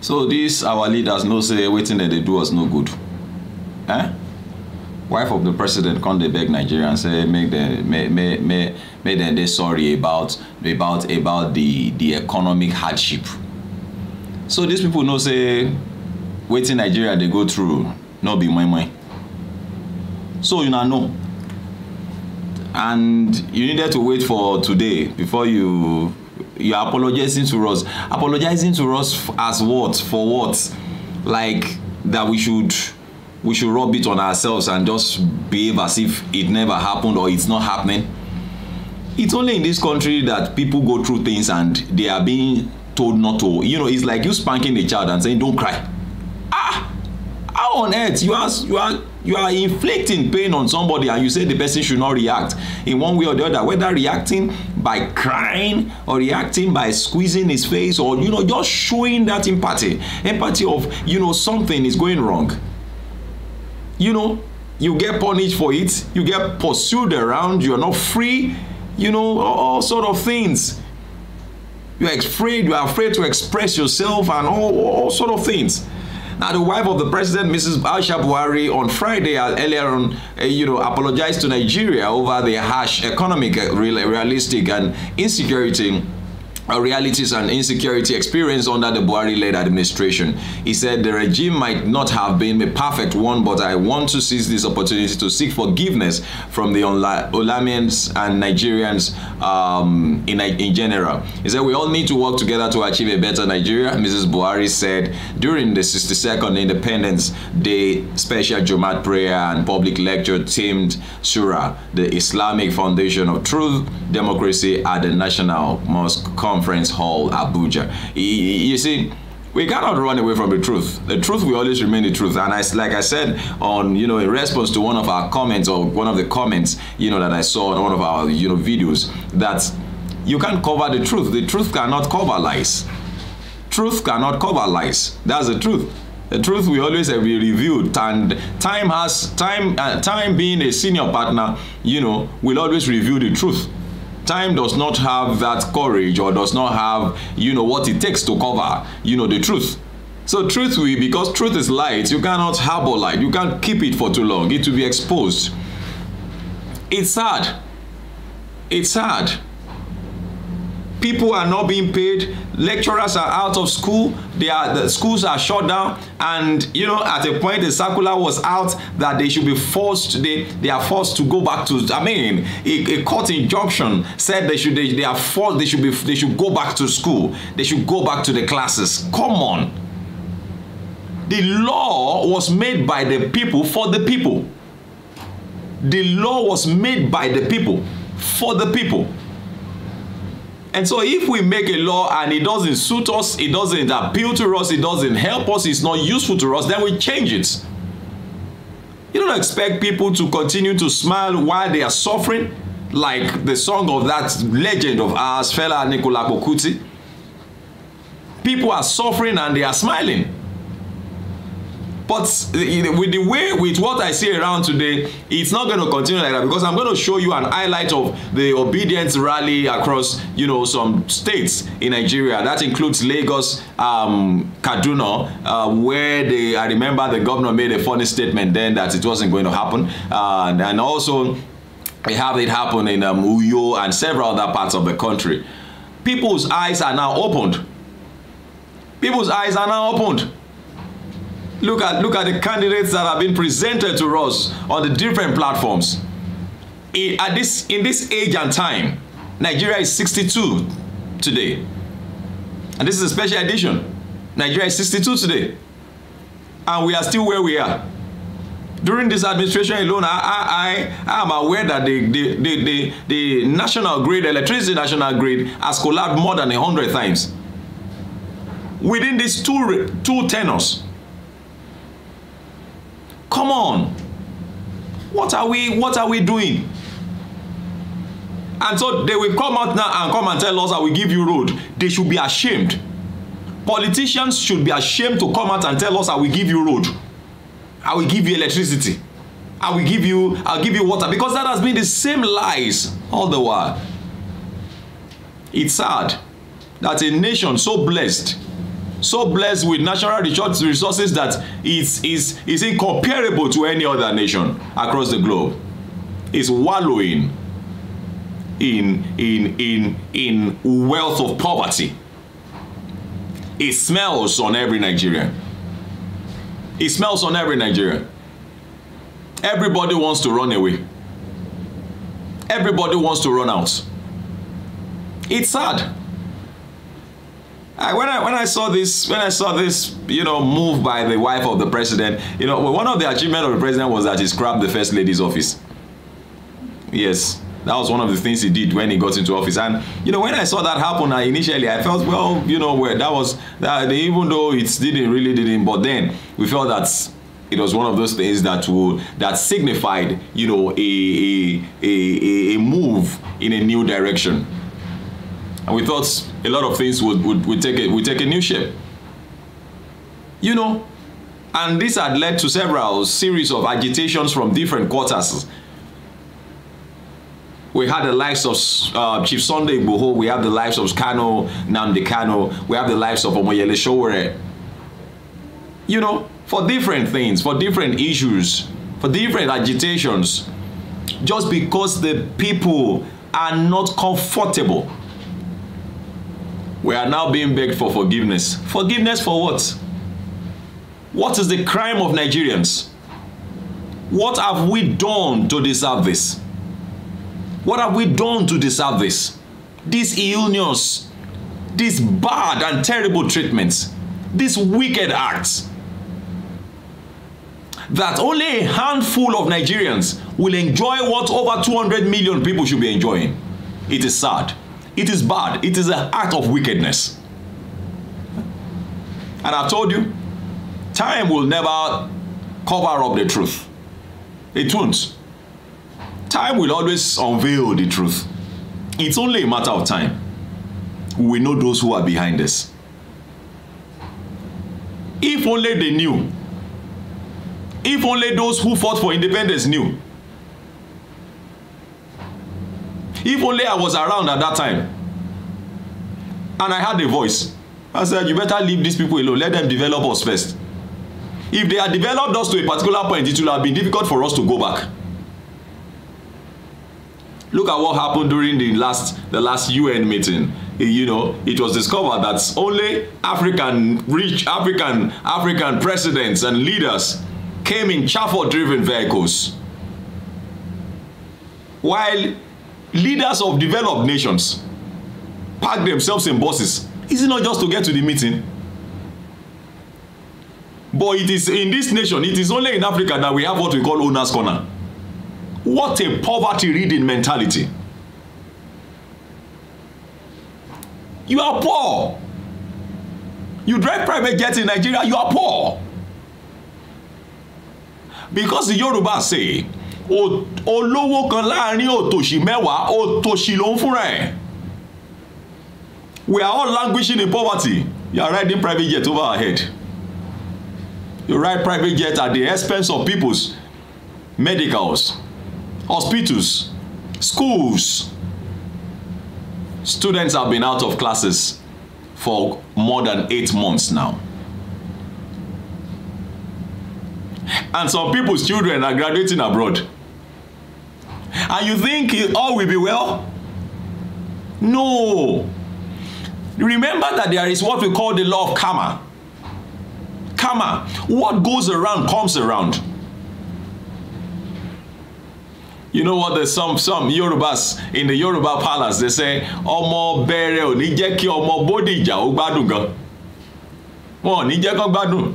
so these our leaders know say wetin dem dey do us no good eh wife of the president come dey beg nigerians say make dem dey sorry about about about the the economic hardship so these people know say wetin nigeria dey go through no be moi moi so you na know and you needed to wait for today before you you are apologizing to us apologizing to us as what for what like that we should we should rub it on ourselves and just behave as if it never happened or it's not happening it's only in this country that people go through things and they are being told not to you know it's like you spanking a child and saying don't cry how on earth you are you are you are inflicting pain on somebody and you say the person should not react in one way or the other whether reacting by crying or reacting by squeezing his face or you know just showing that empathy empathy of you know something is going wrong you know you get punished for it you get pursued around you're not free you know all, all sort of things you're afraid you're afraid to express yourself and all, all sort of things Now, the wife of the president, Mrs. Aisha Buhari, on Friday, uh, earlier on, uh, you know, apologized to Nigeria over the harsh economic, uh, realistic, and insecurity realities and insecurity experienced under the Buhari-led administration. He said the regime might not have been a perfect one, but I want to seize this opportunity to seek forgiveness from the Olamians and Nigerians um, in, in general. He said we all need to work together to achieve a better Nigeria, Mrs. Buhari said during the 62nd Independence Day special Jumat prayer and public lecture themed Surah, the Islamic Foundation of Truth, Democracy at the National Mosque Conference conference hall, Abuja. You see, we cannot run away from the truth. The truth will always remain the truth. And I, like I said, on you know, in response to one of our comments or one of the comments, you know, that I saw on one of our you know videos, that you can't cover the truth. The truth cannot cover lies. Truth cannot cover lies. That's the truth. The truth will always eh, be revealed, and time has time. Uh, time being a senior partner, you know, will always reveal the truth time does not have that courage or does not have, you know, what it takes to cover, you know, the truth. So truth will, because truth is light, you cannot harbor light. You can't keep it for too long. It will be exposed. It's sad. It's sad people are not being paid lecturers are out of school they are the schools are shut down and you know at a point the circular was out that they should be forced they they are forced to go back to i mean a, a court injunction said they should they, they are forced they should be they should go back to school they should go back to the classes come on the law was made by the people for the people the law was made by the people for the people And so if we make a law and it doesn't suit us, it doesn't appeal to us, it doesn't help us, it's not useful to us, then we change it. You don't expect people to continue to smile while they are suffering, like the song of that legend of ours, fella Nicola Bokuti. People are suffering and they are smiling. But with the way, with what I see around today, it's not going to continue like that because I'm going to show you an highlight of the obedience rally across, you know, some states in Nigeria. That includes Lagos, um, Kaduna, uh, where they, I remember the governor made a funny statement then that it wasn't going to happen. Uh, and, also, we have it happen in um, Uyo and several other parts of the country. People's eyes are now opened. People's eyes are now opened. look at look at the candidates that have been presented to us on the different platforms in, at this in this age and time nigeria is 62 today and this is a special edition nigeria is 62 today and we are still where we are during this administration alone i i i am aware that the the the the, the national grid electricity national grid has collapsed more than a hundred times within these two two tenors Come on. What are we, what are we doing? And so they will come out now and come and tell us that we give you road. They should be ashamed. Politicians should be ashamed to come out and tell us that we give you road. I will give you electricity. I will give you, I'll give you water. Because that has been the same lies all the while. It's sad that a nation so blessed so blessed with natural resources that it's, it's, it's incomparable to any other nation across the globe, It's wallowing in, in, in, in wealth of poverty. It smells on every Nigerian. It smells on every Nigerian. Everybody wants to run away. Everybody wants to run out. It's sad. I, when I when I saw this when I saw this you know move by the wife of the president, you know one of the achievements of the president was that he scrapped the first lady's office. Yes, that was one of the things he did when he got into office. And you know when I saw that happen I, initially, I felt well you know where that was that even though it didn't really didn't, but then we felt that it was one of those things that would that signified you know a a, a, a move in a new direction. And we thought a lot of things would, would, would, take, a, would take a new shape. You know, and this had led to several series of agitations from different quarters. We had the lives of uh, Chief Sunday Buho, we have the lives of Kano Namde we have the lives of Omoyele Showore. You know, for different things, for different issues, for different agitations, just because the people are not comfortable we are now being begged for forgiveness. Forgiveness for what? What is the crime of Nigerians? What have we done to deserve this? What have we done to deserve this? This illness, this bad and terrible treatments, this wicked acts that only a handful of Nigerians will enjoy what over 200 million people should be enjoying. It is sad. It is bad. It is an act of wickedness. And I've told you, time will never cover up the truth. It won't. Time will always unveil the truth. It's only a matter of time. We know those who are behind us. If only they knew. If only those who fought for independence knew If only I was around at that time and I had a voice, I said, you better leave these people alone. Let them develop us first. If they had developed us to a particular point, it will have been difficult for us to go back. Look at what happened during the last, the last UN meeting. You know, it was discovered that only African rich, African, African presidents and leaders came in chauffeur driven vehicles. While leaders of developed nations pack themselves in buses is it not just to get to the meeting but it is in this nation it is only in africa that we have what we call owners corner what a poverty ridden mentality you are poor you drive private jet in nigeria you are poor because the yoruba say olówó kan láàrin òtòṣì mẹ́wàá òtòṣì ló ń fúnra ẹ̀ we are all languishing in poverty you are riding private jet over our head you ride private jet at the expense of people's medicals hospitals schools students have been out of classes for more than eight months now. And some people's children are graduating abroad and you think all will be well? No. Remember that there is what we call the law of karma. Karma. What goes around comes around. You know what? There's some some Yorubas in the Yoruba palace. They say, "Ọmọ bẹ̀rẹ̀ ò ní jẹ́ kí ọmọ bódìjà ó gbádùn gan." Wọ́n ò ní jẹ́ kán gbádùn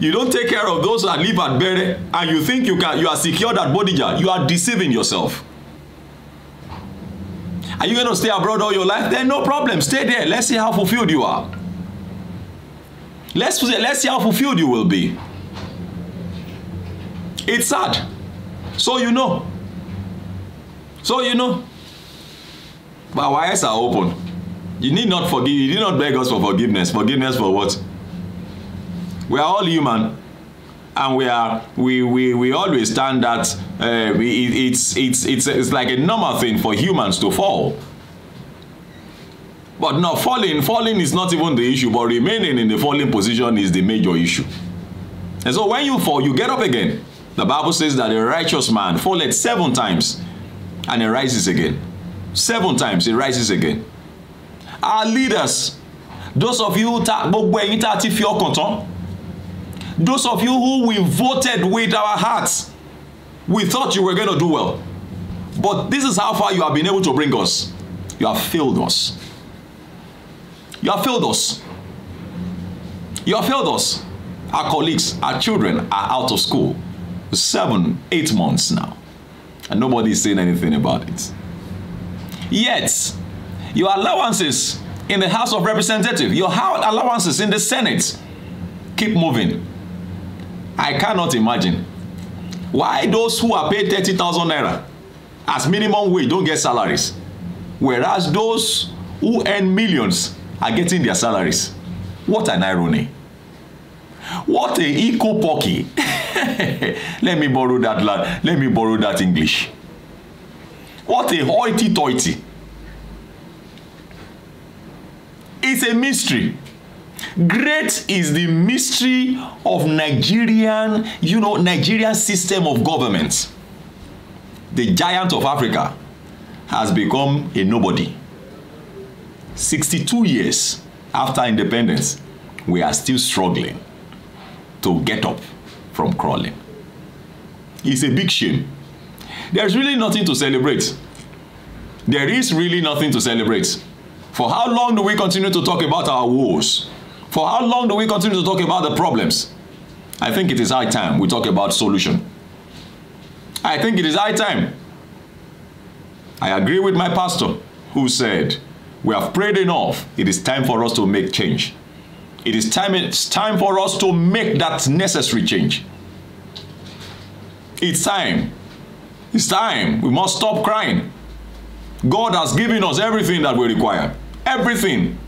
you don't take care of those that live at Bere and you think you can you are secured at Bodija, you are deceiving yourself. Are you going to stay abroad all your life? Then no problem. Stay there. Let's see how fulfilled you are. Let's, let's see how fulfilled you will be. It's sad. So you know. So you know. But our eyes are open. You need not forgive. You need not beg us for forgiveness. Forgiveness for what? We are all human and we are we we, we always stand that uh, it, it's it's it's it's like a normal thing for humans to fall but not falling falling is not even the issue but remaining in the falling position is the major issue and so when you fall you get up again the bible says that a righteous man falleth seven times and he rises again seven times he rises again our leaders those of you gbogbo ẹ̀yin tá a ti fi ọkàn tán those of you who we voted with our hearts, we thought you were going to do well. But this is how far you have been able to bring us. You have failed us. You have failed us. You have failed us. Our colleagues, our children are out of school. Seven, eight months now. And nobody is saying anything about it. Yet, your allowances in the House of Representatives, your allowances in the Senate. Keep moving. I cannot imagine why those who are paid 30,000 naira as minimum wage don't get salaries whereas those who earn millions are getting their salaries what an irony what a eco pocky let me borrow that lad let me borrow that english what a hoity toity it's a mystery Great is the mystery of Nigerian, you know, Nigerian system of government. The giant of Africa has become a nobody. 62 years after independence, we are still struggling to get up from crawling. It's a big shame. There's really nothing to celebrate. There is really nothing to celebrate. For how long do we continue to talk about our woes? For how long do we continue to talk about the problems? I think it is high time we talk about solution. I think it is high time. I agree with my pastor who said, we have prayed enough. It is time for us to make change. It is time, it's time for us to make that necessary change. It's time. It's time. We must stop crying. God has given us everything that we require. Everything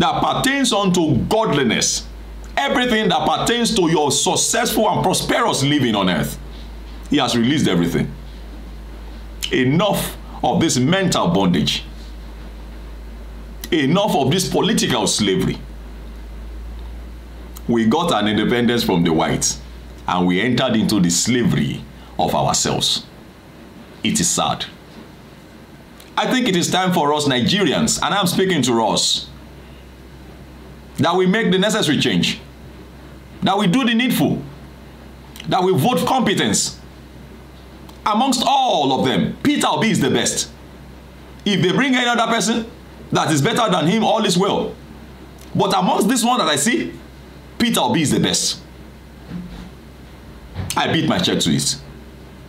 that pertains unto godliness, everything that pertains to your successful and prosperous living on earth. He has released everything. Enough of this mental bondage. Enough of this political slavery. We got an independence from the whites and we entered into the slavery of ourselves. It is sad. I think it is time for us Nigerians, and I'm speaking to us, that we make the necessary change, that we do the needful, that we vote competence. Amongst all of them, Peter Obi is the best. If they bring any other person that is better than him, all is well. But amongst this one that I see, Peter Obi is the best. I beat my check to it.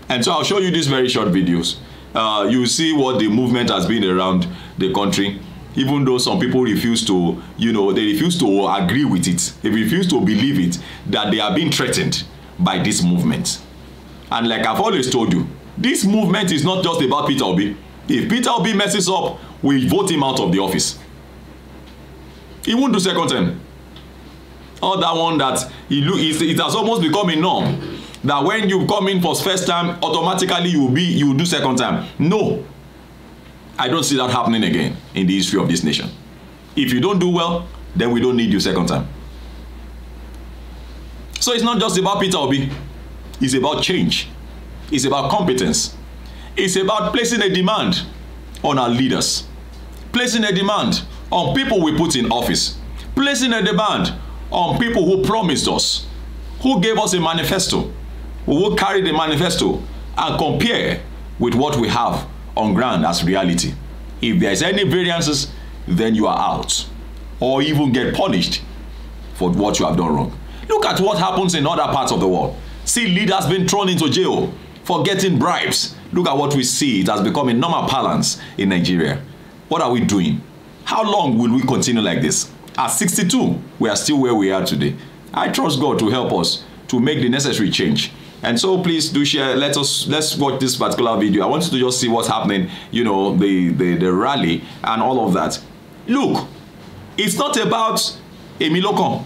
And so I'll show you these very short videos. Uh, you see what the movement has been around the country even though some people refuse to you know they refuse to agree with it they refuse to believe it that they are being threatened by this movement and like i've always told you this movement is not just about peter obi if peter obi messes up we vote him out of the office he won't do second term all that one that he look it, it has almost become a norm that when you come in for first time automatically you be you do second time no I don't see that happening again in the history of this nation. If you don't do well, then we don't need you second time. So it's not just about Peter Obi. It's about change. It's about competence. It's about placing a demand on our leaders. Placing a demand on people we put in office. Placing a demand on people who promised us, who gave us a manifesto, who will carry the manifesto and compare with what we have on ground as reality. If there's any variances, then you are out or even get punished for what you have done wrong. Look at what happens in other parts of the world. See leaders being thrown into jail for getting bribes. Look at what we see. It has become a normal balance in Nigeria. What are we doing? How long will we continue like this? At 62, we are still where we are today. I trust God to help us to make the necessary change And so please do share. Let us let's watch this particular video. I want you to just see what's happening. You know the the, the rally and all of that. Look, it's not about Emilokan.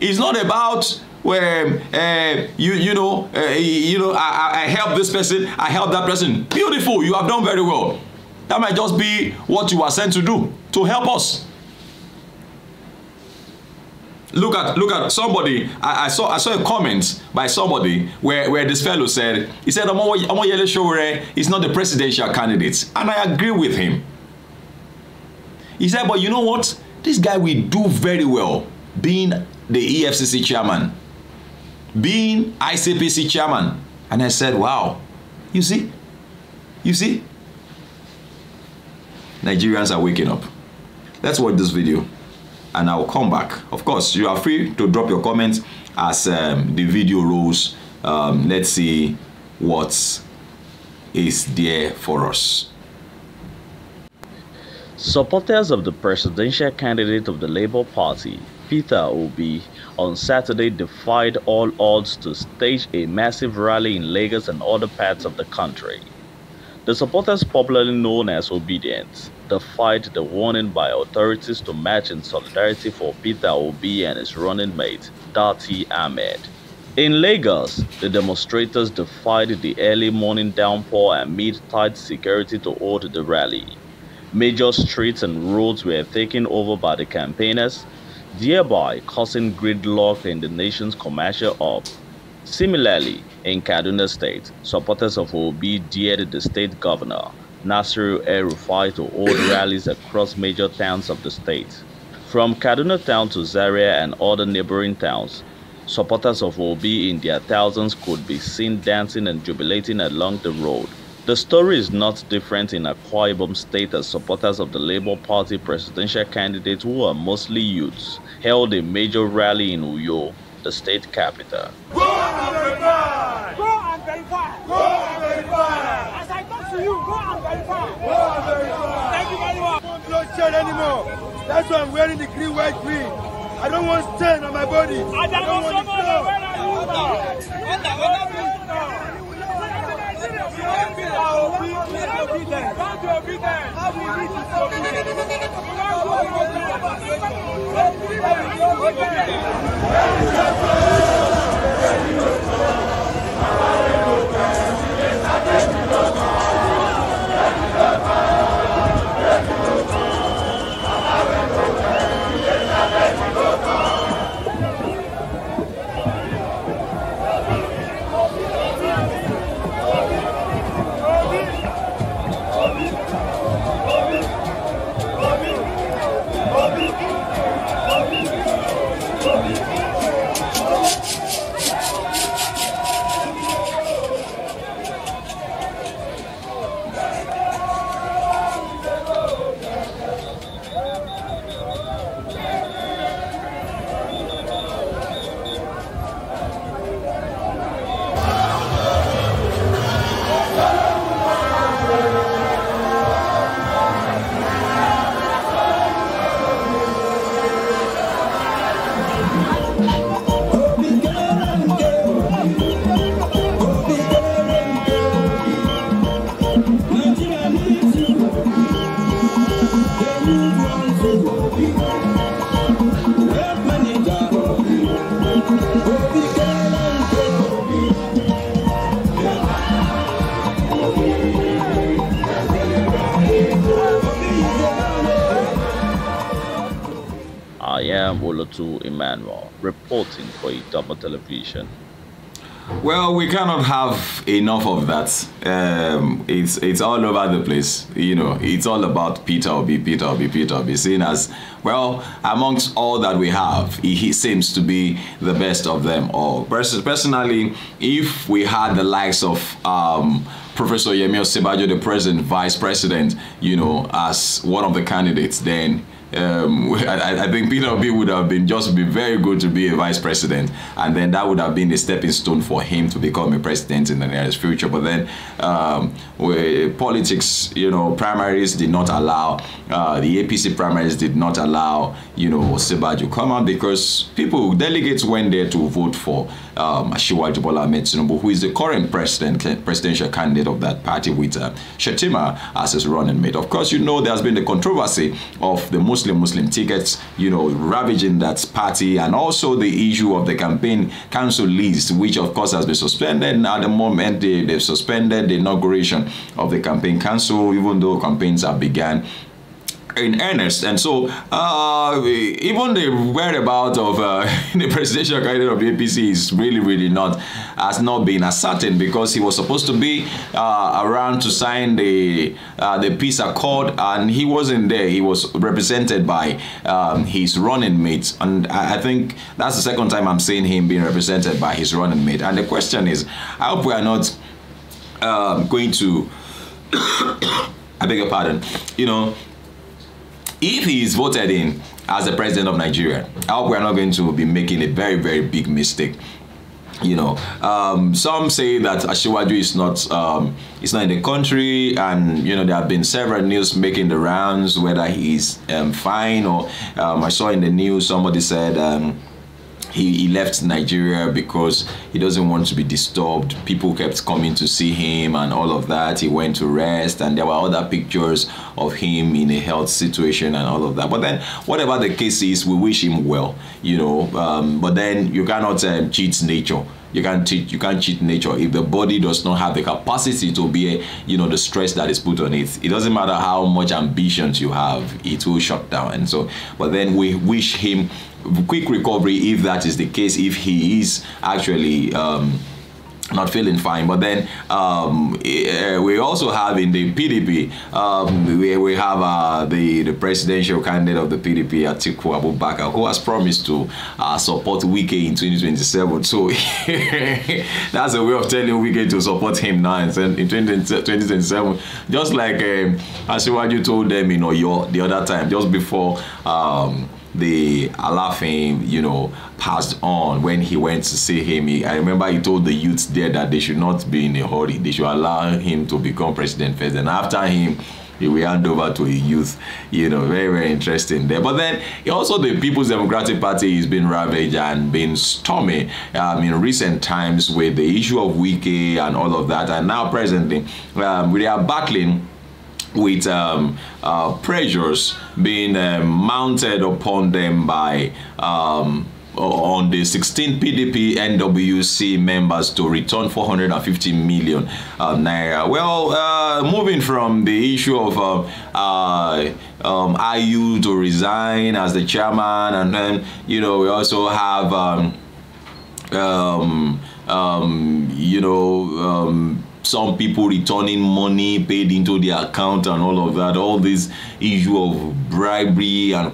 It's not about where um, uh, you you know uh, you know I, I help this person. I help that person. Beautiful. You have done very well. That might just be what you are sent to do to help us. look at look at somebody I, I, saw I saw a comment by somebody where, where this fellow said he said Omoyele Omo Showore is not the presidential candidate and I agree with him he said but you know what this guy will do very well being the EFCC chairman being ICPC chairman and I said wow you see you see Nigerians are waking up let's watch this video and I'll come back. Of course, you are free to drop your comments as um, the video rolls. Um, let's see what is there for us. Supporters of the presidential candidate of the Labour Party, Peter Obi, on Saturday defied all odds to stage a massive rally in Lagos and other parts of the country. The supporters, popularly known as Obedience, defied the warning by authorities to march in solidarity for Peter Obi and his running mate, Dati Ahmed. In Lagos, the demonstrators defied the early morning downpour amid tight security to hold the rally. Major streets and roads were taken over by the campaigners, thereby causing gridlock in the nation's commercial hub. Similarly, in Kaduna State, supporters of Obi dared the state governor Nasser El Rufai to hold rallies across major towns of the state. From Kaduna town to Zaria and other neighboring towns, supporters of Obi in their thousands could be seen dancing and jubilating along the road. The story is not different in Akwa Ibom State as supporters of the Labour Party presidential candidate who are mostly youths held a major rally in Uyo, the state capital. Go and verify! Go and verify! Go! Thank you very much. I don't anymore. That's why I'm wearing the green white green. I don't want stain on my body. I don't, I don't want to Where are you Bye-bye. I am Olatu Emmanuel, reporting for Idama Television. Well, we cannot have enough of that. Um, it's it's all over the place. You know, it's all about Peter Obi, Peter Obi, Peter Obi, seen as well amongst all that we have. He, he seems to be the best of them all. personally, if we had the likes of um, Professor Yemi Osebajo, the present vice president, you know, as one of the candidates, then um, I, I, think Peter would have been just be very good to be a vice president, and then that would have been a stepping stone for him to become a president in the nearest future. But then um, politics, you know, primaries did not allow uh, the APC primaries did not allow you know Sebaju come out because people delegates went there to vote for um, Ashiwaju Bola who is the current president presidential candidate of that party with uh, Shetima as his running mate. Of course, you know there has been the controversy of the most Muslim Muslim tickets, you know, ravaging that party, and also the issue of the campaign council list, which of course has been suspended. Now, at the moment, they, they've suspended the inauguration of the campaign council, even though campaigns have begun in earnest. And so, uh, even the whereabouts of uh, the presidential candidate of the APC is really, really not has not been ascertained because he was supposed to be uh, around to sign the uh, the peace accord, and he wasn't there. He was represented by um, his running mate, and I, I, think that's the second time I'm seeing him being represented by his running mate. And the question is, I hope we are not um, going to. I beg your pardon. You know, if he's voted in as the president of Nigeria, I hope we're not going to be making a very, very big mistake. You know, um, some say that Ashiwaju is not um, is not in the country, and you know there have been several news making the rounds whether he's um, fine or um, I saw in the news somebody said um, he, he, left Nigeria because he doesn't want to be disturbed. People kept coming to see him and all of that. He went to rest, and there were other pictures of him in a health situation and all of that. But then, whatever the case is, we wish him well, you know. Um, but then, you cannot um, cheat nature you can't cheat. You can't cheat nature. If the body does not have the capacity to bear, you know, the stress that is put on it, it doesn't matter how much ambitions you have, it will shut down. And so, but then we wish him quick recovery if that is the case. If he is actually. Um, not feeling fine. But then um, eh, we also have in the PDP, um, we, we have uh, the, the presidential candidate of the PDP, Atiku Abubakar, who has promised to uh, support Wike in 2027. So that's a way of telling Wike to support him now in 2027. Just like um, you told them in Oyo the other time, just before. Um, the Allah fame, you know, passed on when he went to see him. He, I remember he told the youths there that they should not be in a hurry. They should allow him to become president first. And after him, he will hand over to a youth. You know, very, very interesting there. But then also the People's Democratic Party has been ravaged and been stormy um, in recent times with the issue of Wiki and all of that. And now presently, um, we are battling with um, uh, pressures being uh, mounted upon them by um, on the 16 PDP NWC members to return 450 million uh, naira. Well, uh, moving from the issue of um, uh, um, IU to resign as the chairman, and then you know we also have um, um, um you know some people returning money paid into their account and all of that all this issue of bribery and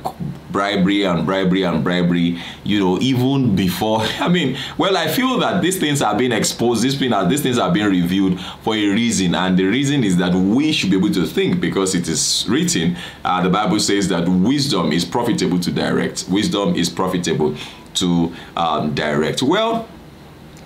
bribery and bribery and bribery you know even before i mean well i feel that these things are being exposed these things are, these things are being reviewed for a reason and the reason is that we should be able to think because it is written uh, the bible says that wisdom is profitable to direct wisdom is profitable to um, direct well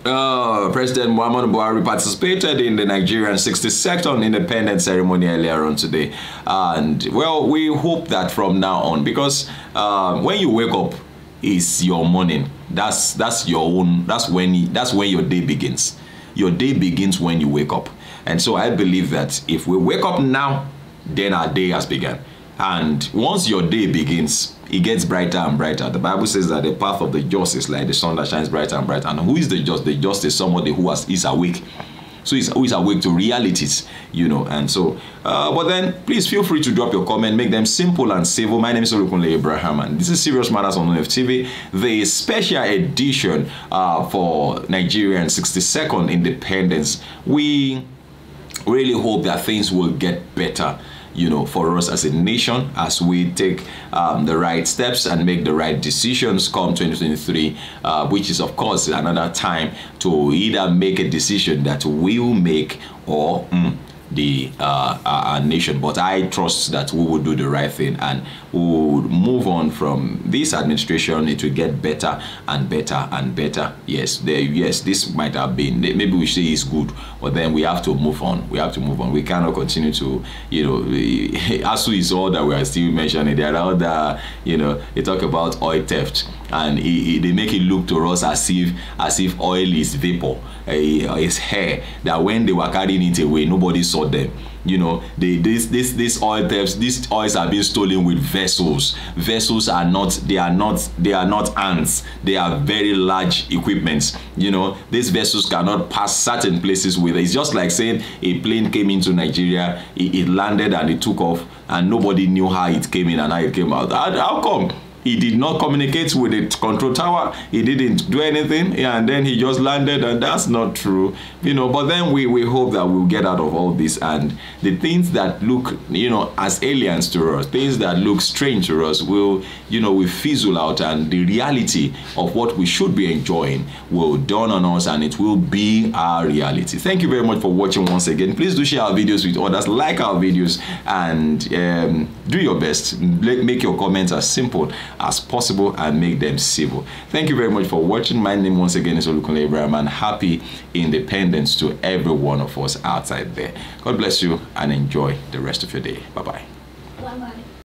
uh, President Muhammadu Buhari participated in the Nigerian 62nd independence ceremony earlier on today. And well, we hope that from now on, because uh, when you wake up, is your morning. That's that's your own. That's when that's when your day begins. Your day begins when you wake up. And so I believe that if we wake up now, then our day has begun. And once your day begins, it gets brighter and brighter. The Bible says that the path of the just is like the sun that shines brighter and brighter. And who is the just? The just is somebody who has, is awake. So he's always awake to realities, you know. And so, uh, but then please feel free to drop your comment, make them simple and civil. My name is Olukunle Abraham, and this is Serious Matters on NFTV, the special edition uh, for Nigerian 62nd Independence. We really hope that things will get better you know, for us as a nation, as we take um, the right steps and make the right decisions come 2023, uh, which is, of course, another time to either make a decision that we will make or mm, the uh, our nation. But I trust that we will do the right thing and we will move on from this administration. It will get better and better and better. Yes, yes, this might have been maybe we say it's good, but then we have to move on. We have to move on. We cannot continue to you know ASU is all that we are still mentioning. There are other you know they talk about oil theft and he, he, they make it look to us as if as if oil is vapor uh, eh, is hair that when they were carrying it away nobody saw them you know they this this this oil thefts these oils are being stolen with vessels vessels are not they are not they are not ants they are very large equipments you know these vessels cannot pass certain places with it. it's just like saying a plane came into nigeria it, it landed and it took off and nobody knew how it came in and how it came out how, how come he did not communicate with the control tower he didn't do anything and then he just landed and that's not true you know but then we we hope that we'll get out of all this and the things that look you know as aliens to us things that look strange to us will you know we fizzle out and the reality of what we should be enjoying will dawn on us and it will be our reality thank you very much for watching once again please do share our videos with others like our videos and um, do your best make your comments as simple as possible and make them civil. Thank you very much for watching. My name once again is Olukunle Abraham and happy independence to every one of us outside there. God bless you and enjoy the rest of your day. Bye-bye.